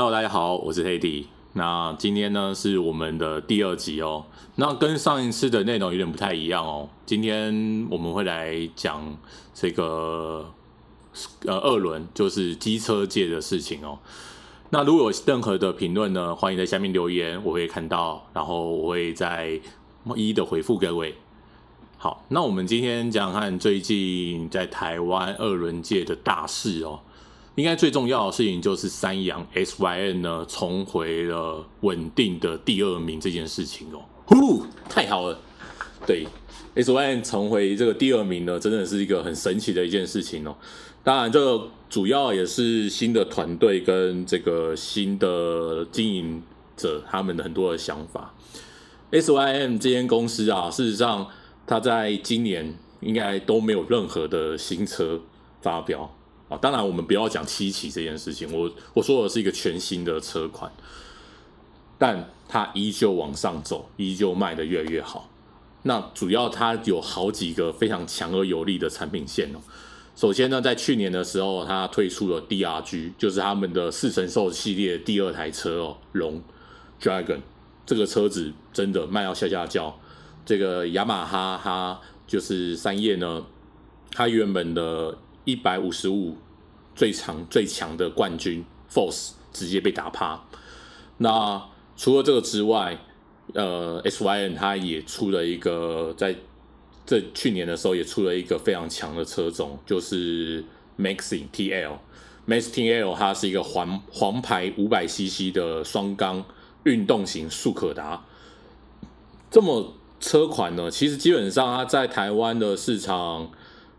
Hello，大家好，我是黑弟。那今天呢是我們的第二集哦。那跟上一次的內容有點不太一樣哦。今天我們會來講這個呃二輪，就是機車界的事情哦。那如果有任何的評論呢，歡迎在下面留言，我會看到，然後我會再一一的回覆各位。好，那我們今天講講看最近在台灣二輪界的大事哦。應該最重要的事情就是三陽 SYM 呢，重回了穩定的第二名這件事情哦，呼，太好了，對，SYM 重回這個第二名呢，真的是一個很神奇的一件事情哦。當然，這個主要也是新的團隊跟這個新的經營者他們的很多的想法。SYM 這間公司啊，事實上它在今年應該都沒有任何的新車發表。哦，當然我們不要講七期這件事情。我我說的是一個全新的車款，但它依舊往上走，依舊賣得越來越好。那主要它有好幾個非常強而有力的產品線哦。首先呢，在去年的時候，它推出了 DRG，就是他們的四神獸系列第二台車哦，龍 Dragon 這個車子真的賣到嚇嚇叫。這個雅馬哈它就是三葉呢，它原本的。一百五十五，最長最強的冠軍 Force 直接被打趴。那除了這個之外，呃，SYM 它也出了一個，在這去年的時候也出了一個非常強的車種，就是 Maxing TL。Maxing TL 它是一個黃黃牌五百 CC 的雙缸運動型速可達。這麼車款呢，其實基本上它在台灣的市場。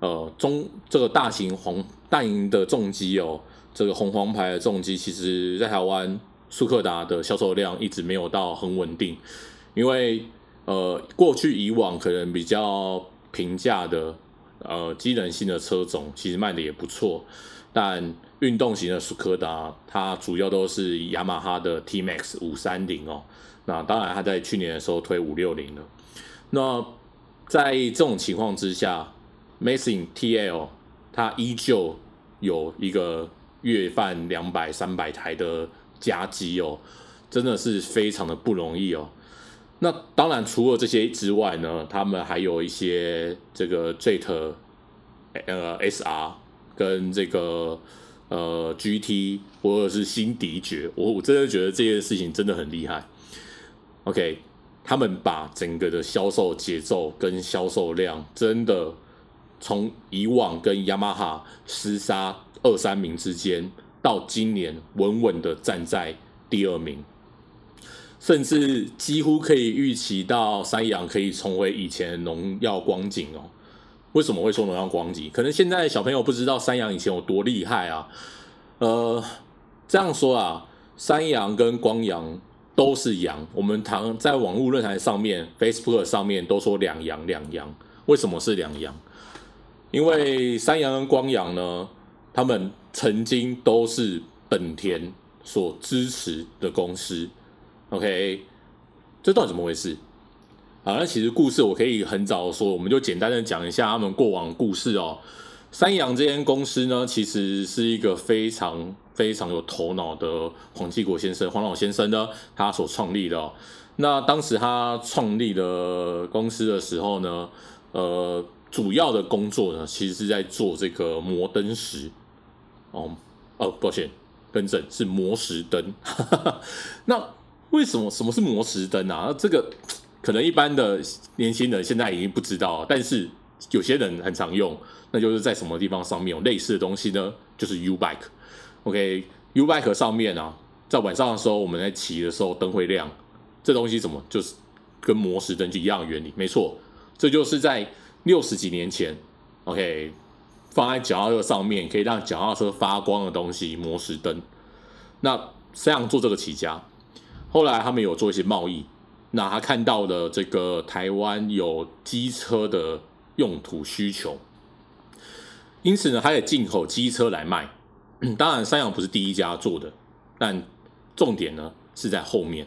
呃，中這個大型紅大型的重機哦，這個紅黃牌的重機，其實，在台灣速克達的銷售量一直沒有到很穩定，因為呃，過去以往可能比較平價的呃機能性的車種，其實賣的也不錯，但運動型的速克達，它主要都是雅馬哈的 T Max 五三零哦，那當然，它在去年的時候推五六零了，那在這種情況之下。Mazing TL，它依舊有一個月販兩百、三百台的佳績哦，真的是非常的不容易哦。那當然，除了這些之外呢，他們還有一些這個 JET、呃、SR 跟這個呃 GT 或者是新迪爵，我、哦、我真的覺得這些事情真的很厲害。OK，他們把整個的銷售節奏跟銷售量真的。從以往跟雅馬哈廝殺二三名之間，到今年穩穩的站在第二名，甚至幾乎可以預期到三陽可以重回以前的榮耀光景哦。為什麼會說榮耀光景？可能現在小朋友不知道三陽以前有多厲害啊。呃，這樣說啊，三陽跟光陽都是陽。我們常在網絡論壇上面、Facebook 上面都說兩陽，兩陽？為什麼是兩陽？因為三陽跟光陽呢，他們曾經都是本田所支持的公司，OK，這到底怎麼回事？啊，那其實故事我可以很早說，我們就簡單的講一下他們過往的故事哦。三陽這間公司呢，其實是一個非常非常有頭腦的黃繼國先生，黃老先生呢，他所創立的哦。那當時他創立的公司的時候呢，呃。主要的工作呢，其實是在做這個摩燈石。哦，哦，抱歉，更正是磨石燈。哈哈哈，那為什麼什麼是磨石燈啊？這個可能一般的年輕人現在已經不知道，但是有些人很常用，那就是在什麼地方上面有、哦、類似的東西呢？就是 U bike okay, U，OK，U bike 上面啊，在晚上的時候我們在騎的時候燈會亮，這東西怎麼就是跟磨石燈就一樣的原理？沒錯，這就是在六十幾年前，OK，放在腳踏車上面可以讓腳踏車發光的東西——磨石燈。那三陽做這個起家，後來他們有做一些貿易。那他看到了這個台灣有機車的用途需求，因此呢，他也進口機車來賣。當然，三陽不是第一家做的，但重點呢是在後面。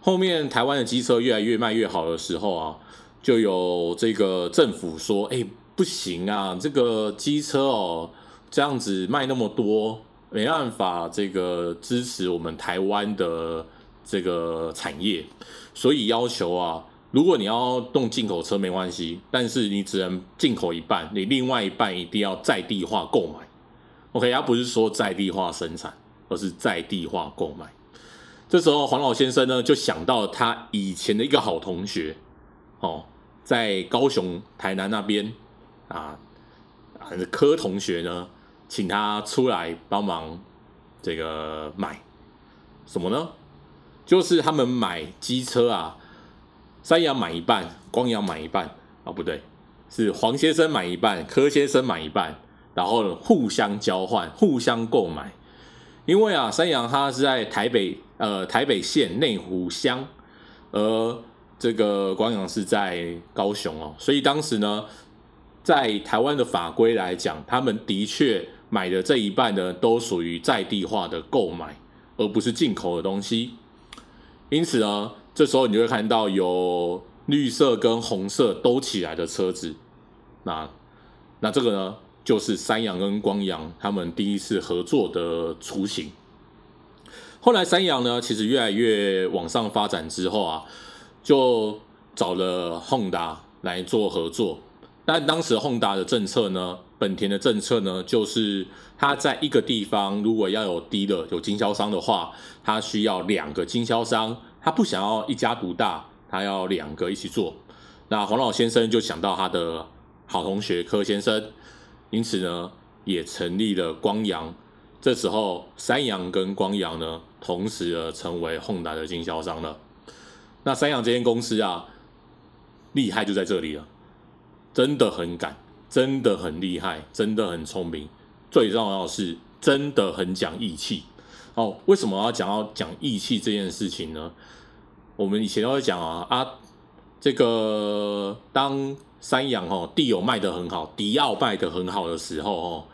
後面台灣的機車越來越賣越好的時候啊。就有這個政府說，哎、欸，不行啊，這個機車哦，這樣子賣那麼多，沒辦法，這個支持我們台灣的這個產業，所以要求啊，如果你要動進口車沒關係，但是你只能進口一半，你另外一半一定要在地化購買。OK，他不是說在地化生產，而是在地化購買。這時候黃老先生呢，就想到了他以前的一個好同學，哦。在高雄、台南那邊啊，還是柯同學呢，請他出來幫忙，這個買什麼呢？就是他們買機車啊，三陽買一半，光陽買一半啊，不對，是黃先生買一半，柯先生買一半，然後互相交換、互相購買。因為啊，三陽他是在台北，呃，台北縣內湖鄉，而。這個光陽是在高雄哦，所以當時呢，在台灣的法規來講，他們的確買的這一半呢，都屬於在地化的購買，而不是進口的東西。因此呢，這時候你就會看到有綠色跟紅色兜起來的車子。那那這個呢，就是三陽跟光陽他們第一次合作的雛形。後來三陽呢，其實越來越往上發展之後啊。就找了宏達來做合作，那當時宏達的政策呢，本田的政策呢，就是他在一個地方如果要有低的有經銷商的話，他需要兩個經銷商，他不想要一家獨大，他要兩個一起做。那黃老先生就想到他的好同學柯先生，因此呢，也成立了光陽。這時候，三陽跟光陽呢，同時的成為宏達的經銷商了。那三陽這間公司啊，厲害就在這裡了，真的很敢，真的很厲害，真的很聰明，最重要的是真的很講義氣。哦，為什麼要講到講義氣這件事情呢？我們以前都會講啊，啊，這個當三陽哦，迪奧賣得很好，迪奧賣得很好的時候哦，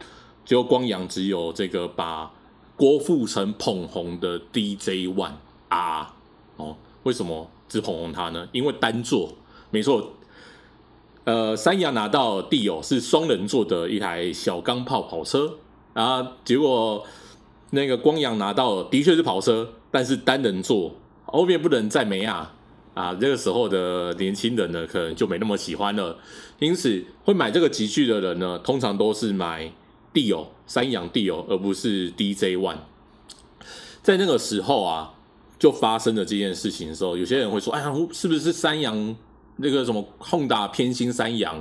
就光陽只有這個把郭富城捧紅的 DJ One 啊，哦，為什麼？是捧紅他呢，因為單座沒錯，呃，三陽拿到 DIO 是雙人座的一台小鋼炮跑車啊，結果那個光陽拿到的，的確是跑車，但是單人座後面不能載人啊，啊，這、那個時候的年輕人呢，可能就沒那麼喜歡了，因此會買這個級距的人呢，通常都是買 DIO 三陽 DIO 而不是 DJ One，在那個時候啊。就發生了這件事情的時候，有些人會說：“哎呀，是不是，是三陽那個什麼 Honda 偏心三陽，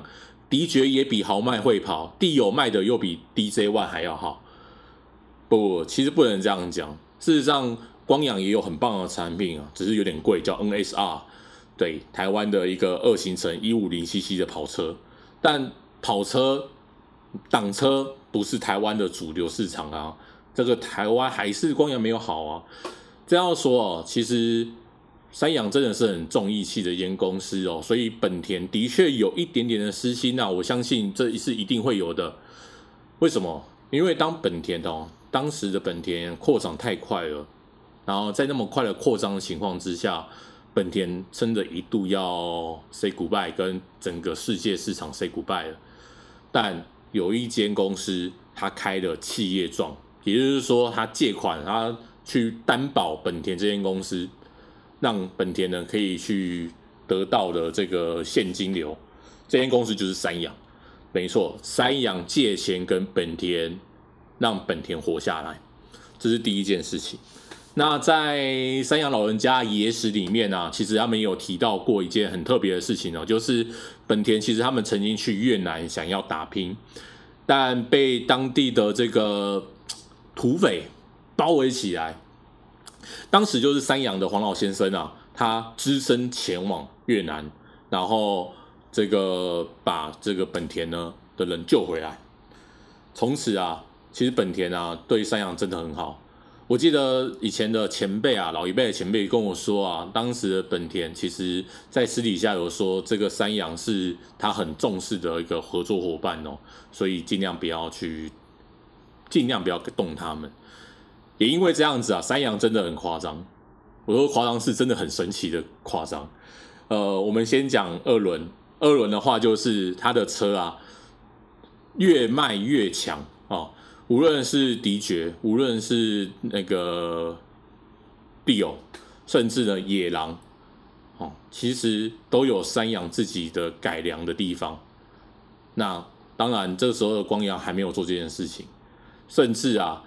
迪爵也比豪邁會跑，地友賣的又比 DJ One 還要好？”不，其實不能這樣講。事實上，光陽也有很棒的產品啊，只是有點貴，叫 NSR，對，台灣的一個二行程一五零 CC 的跑車。但跑車、擋車不是台灣的主流市場啊。這個台灣還是光陽沒有好啊。這樣說哦，其實三陽真的是很重義氣的一間公司哦，所以本田的確有一點點的私心啊，我相信這是一,一定會有的。為什麼？因為當本田哦，當時的本田擴張太快了，然後在那麼快的擴張的情況之下，本田真的一度要 say goodbye 跟整個世界市場 say goodbye 了。但有一間公司，他開了企業狀，也就是說他借款他。它去擔保本田這間公司，讓本田呢可以去得到的這個現金流，這間公司就是三陽，沒錯，三陽借錢跟本田，讓本田活下來，這是第一件事情。那在三陽老人家野史裡面啊，其實他們有提到過一件很特別的事情哦，就是本田其實他們曾經去越南想要打拼，但被當地的這個土匪，包圍起來，當時就是三陽的黃老先生啊，他只身前往越南，然後這個把這個本田呢的人救回來。從此啊，其實本田啊對三陽真的很好。我記得以前的前輩啊，老一輩的前輩跟我說啊，當時的本田其實在私底下有說，這個三陽是他很重視的一個合作夥伴哦，所以儘量不要去，儘量不要動他們。也因為這樣子啊，三陽真的很誇張。我說誇張是真的很神奇的誇張。呃，我們先講二輪，二輪的話就是他的車啊越賣越強啊、哦，無論是迪爵，無論是那個碧歐，甚至呢野狼，哦，其實都有三陽自己的改良的地方。那當然，這時候的光陽還沒有做這件事情，甚至啊。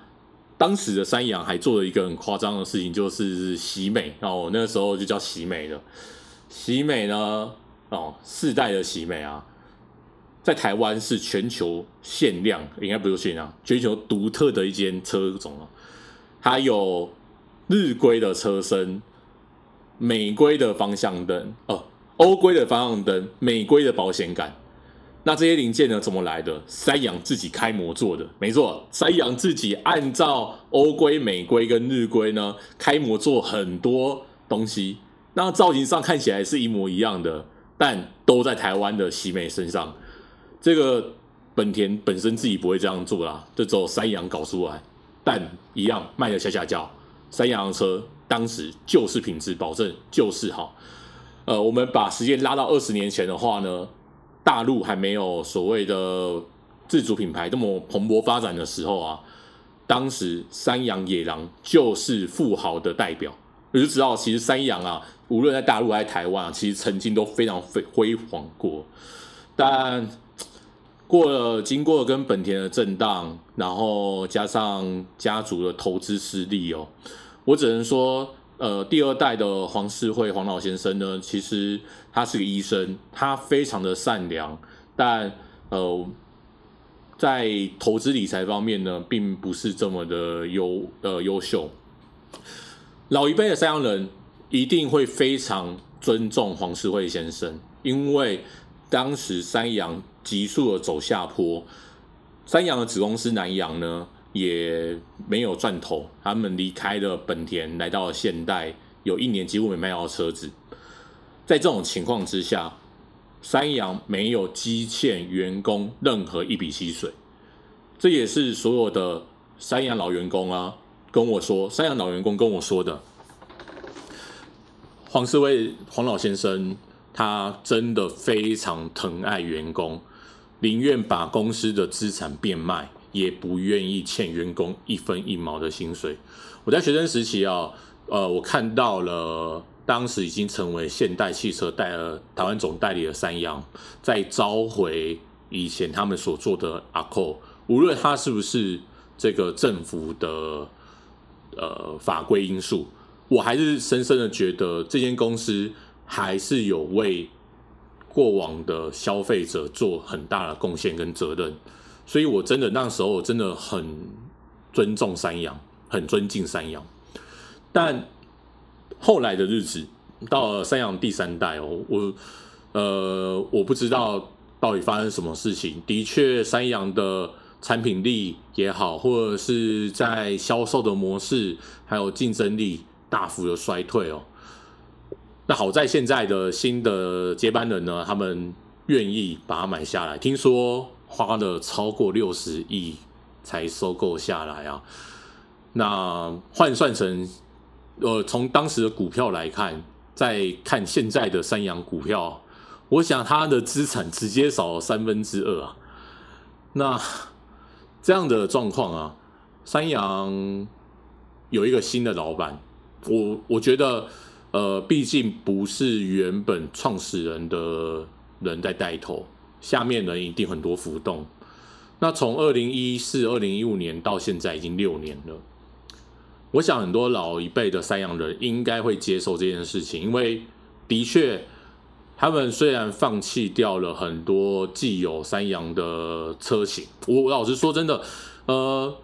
當時的三陽還做了一個很誇張的事情，就是喜美。哦，那時候就叫喜美了喜美呢。哦，四代的喜美啊，在台灣是全球限量，應該不是限量，全球獨特的一間車種了，它有日規的車身、美規的方向燈、哦、呃，歐規的方向燈、美規的保險桿。那這些零件呢，怎麼來的？三陽自己開模做的，沒錯。三陽自己按照歐規、美規跟日規呢，開模做很多東西。那造型上看起來是一模一樣的，但都在台灣的喜美身上。這個本田本身自己不會這樣做啦，這只有三陽搞出來。但一樣賣得嚇嚇叫。三陽的車，當時就是品質保證，就是好。呃，我們把時間拉到二十年前的話呢，大陸還沒有所謂的自主品牌這麼蓬勃發展的時候啊，當時三陽野狼就是富豪的代表，我就知道，其實三陽啊，無論在大陸還是台灣啊，其實曾經都非常輝煌過。但過了，經過了跟本田的震盪，然後加上家族的投資失利哦，我只能說。呃，第二代的黃世惠黃老先生呢，其實他是個醫生，他非常的善良，但呃，在投資理財方面呢，並不是這麼的優呃優秀。老一輩的三陽人一定會非常尊重黃世惠先生，因為當時三陽急速的走下坡，三陽的子公司南陽呢，也沒有賺頭，他們離開了本田，來到了現代，有一年幾乎沒賣到車子。在這種情況之下，三陽沒有積欠員工任何一筆薪水，這也是所有的三陽老員工啊跟我說，三陽老員工跟我說的。黃世偉黃老先生他真的非常疼愛員工，寧願把公司的資產變賣。也不願意欠員工一分一毛的薪水。我在學生時期啊，呃，我看到了當時已經成為現代汽車代台灣總代理的三陽，在召回以前他們所做的阿扣，無論它是不是這個政府的呃法規因素，我還是深深的覺得這間公司還是有為過往的消費者做很大的貢獻跟責任。所以，我真的那時候我真的很尊重三陽，很尊敬三陽。但後來的日子，到了三陽第三代哦，我呃，我不知道到底發生什麼事情。的確，三陽的產品力也好，或者是在銷售的模式還有競爭力大幅的衰退哦。那好在現在的新的接班人呢，他們願意把它買下來。聽說。花了超過六十億才收購下來啊！那換算成呃，從當時的股票來看，再看現在的三陽股票，我想它的資產直接少三分之二啊！那這樣的狀況啊，三陽有一個新的老闆，我我覺得呃，畢竟不是原本創始人的人在帶頭。下面人一定很多浮動。那從二零一四、二零一五年到現在已經六年了，我想很多老一輩的三陽人應該會接受這件事情，因為的確，他們雖然放棄掉了很多既有三陽的車型。我老實說真的，呃，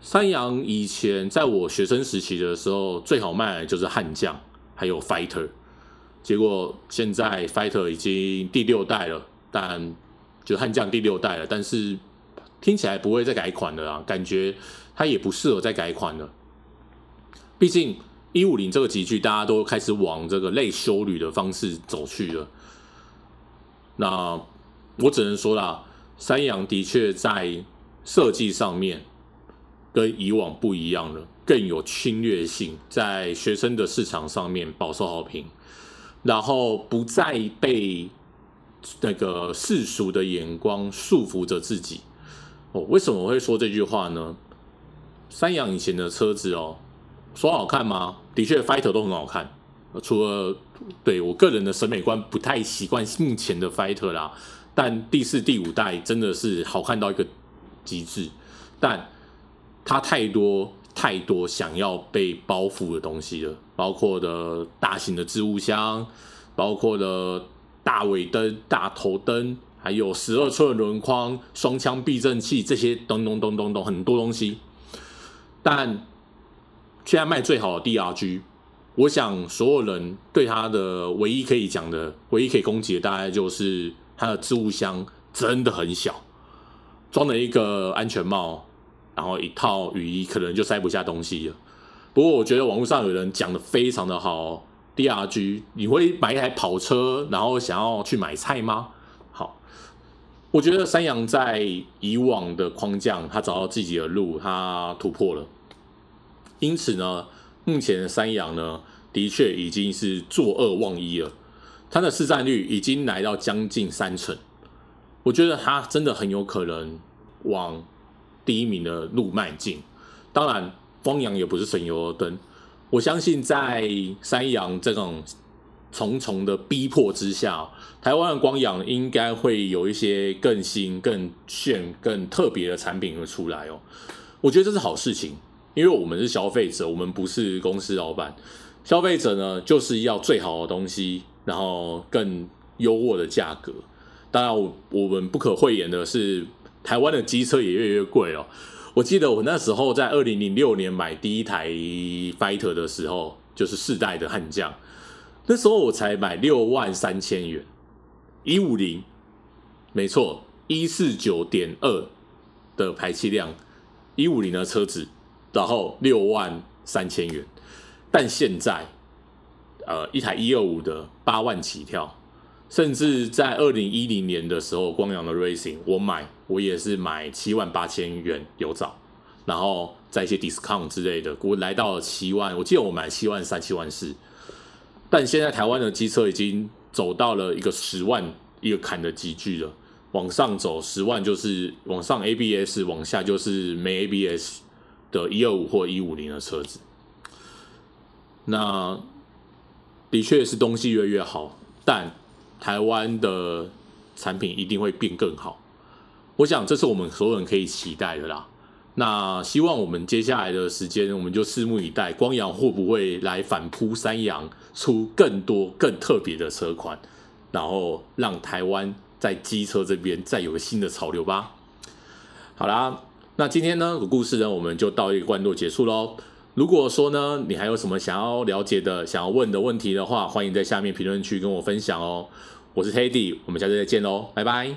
三陽以前在我學生時期的時候最好賣的就是悍將，還有 Fighter，結果現在 Fighter 已經第六代了。但就悍將第六代了，但是聽起來不會再改款了啦，感覺它也不適合再改款了。畢竟一五零這個級距，大家都開始往這個類休旅的方式走去了。那我只能說啦，三陽的確在設計上面跟以往不一樣了，更有侵略性，在學生的市場上面飽受好評，然後不再被。那個世俗的眼光束縛着自己。我、哦、為什麼我會說這句話呢？三陽以前的車子哦，說好看嗎？的確，Fighter 都很好看，除了對我個人的審美觀不太習慣目前的 Fighter 啦。但第四、第五代真的是好看到一個極致，但它太多太多想要被包袱的東西了，包括的大型的置物箱，包括的。大尾燈、大頭燈，還有十二寸的輪框、雙槍避震器這些，等等等等等，很多東西。但現在賣最好的 DRG，我想所有人對它的唯一可以講的、唯一可以攻擊的，大概就是它的置物箱真的很小，裝了一個安全帽，然後一套雨衣，可能就塞不下東西了。不過我覺得網絡上有人講的非常的好、哦。DRG，你會買一台跑車，然後想要去買菜嗎？好，我覺得三陽在以往的框架，他找到自己的路，他突破了。因此呢，目前的三陽呢，的確已經是坐二望一了，它的市占率已經來到將近三成。我覺得他真的很有可能往第一名的路邁進。當然，汪洋也不是省油的燈。我相信在三陽這種重重的逼迫之下，台灣的光陽應該會有一些更新、更炫、更特別的產品會出來哦。我覺得這是好事情，因為我們是消費者，我們不是公司老闆。消費者呢，就是要最好的東西，然後更優渥的價格。當然，我們不可諱言的是，台灣的機車也越來越貴哦。我記得我那時候在二零零六年買第一台 Fighter 的時候，就是四代的悍將，那時候我才買六萬三千元，一五零，沒錯，一四九點二的排氣量，一五零的車子，然後六萬三千元，但現在，呃，一台一二五的八萬起跳。甚至在二零一零年的時候，光陽的 Racing，我買我也是買七萬八千元有找，然後在一些 discount 之類的，我來到了七萬。我記得我買七萬三、七萬四。但現在台灣的機車已經走到了一個十萬一個坎的級距了，往上走十萬就是往上 ABS，往下就是沒 ABS 的，一二五或一五零的車子。那的確是東西越來越好，但，台灣的產品一定會變更好，我想這是我們所有人可以期待的啦。那希望我們接下來的時間，我們就拭目以待，光陽會不會來反撲三陽，出更多更特別的車款，然後讓台灣在機車這邊再有個新的潮流吧。好啦，那今天呢、這個、故事呢，我們就到一個關多結束嘍。如果說呢，你還有什麼想要了解的、想要問的問題的話，歡迎在下面評論區跟我分享哦。我是 Teddy，我們下次再見嘍，拜拜。